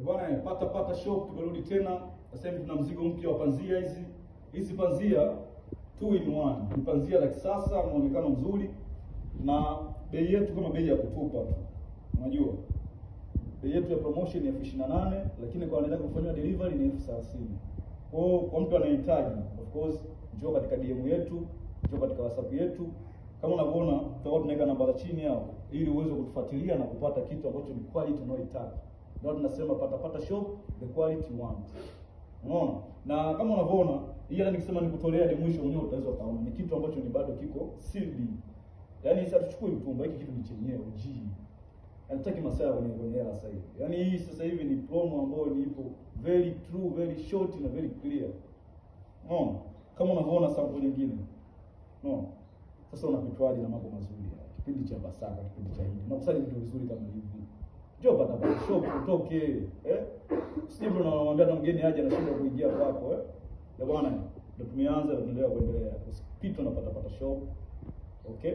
Bwana pata pata shop, tumerudi tena sasa hivi tuna mzigo mpya wa panzia hizi. Hizi panzia 2 in 1 ni panzia za kisasa, muonekano mzuri, na bei yetu kama bei ya kutupa tu, unajua bei yetu ya promotion ni elfu ishirini na nane lakini kwa wanaenda kufanywa delivery ni elfu thelathini Kwa kwa mtu anahitaji, of course, njoo katika DM yetu, njoo katika WhatsApp yetu kama unavyoona, tutakuwa tunaweka namba za chini hapo ili uweze kutufuatilia na kupata kitu ambacho ni quality unayoitaka ndio tunasema pata show the quality you want. Unaona? Na kama unavyoona hii hata nikisema nikutolea hadi mwisho mwenyewe utaweza kuona Ni kitu ambacho ni bado kiko sealed. Yaani sasa tuchukue mtumba hiki kitu ni chenyewe OG. Anataki masaa kwenye kwenye hela sasa hivi. Yaani hii sasa hivi ni promo ambayo ni ipo very true, very short na very clear. Unaona? Kama unavyoona sample nyingine. Unaona? Sasa unapitwaje na mambo mazuri ya kipindi cha Basaka, kipindi cha hili. Nakusanya vitu vizuri kama hivi njoo pata pale shop utoke eh, sisi tunamwambia na mgeni aje anashindwa kuingia kwako eh, ndio bwana, ndio tumeanza, tunaendelea kuendelea, usipite unapata pata shop okay.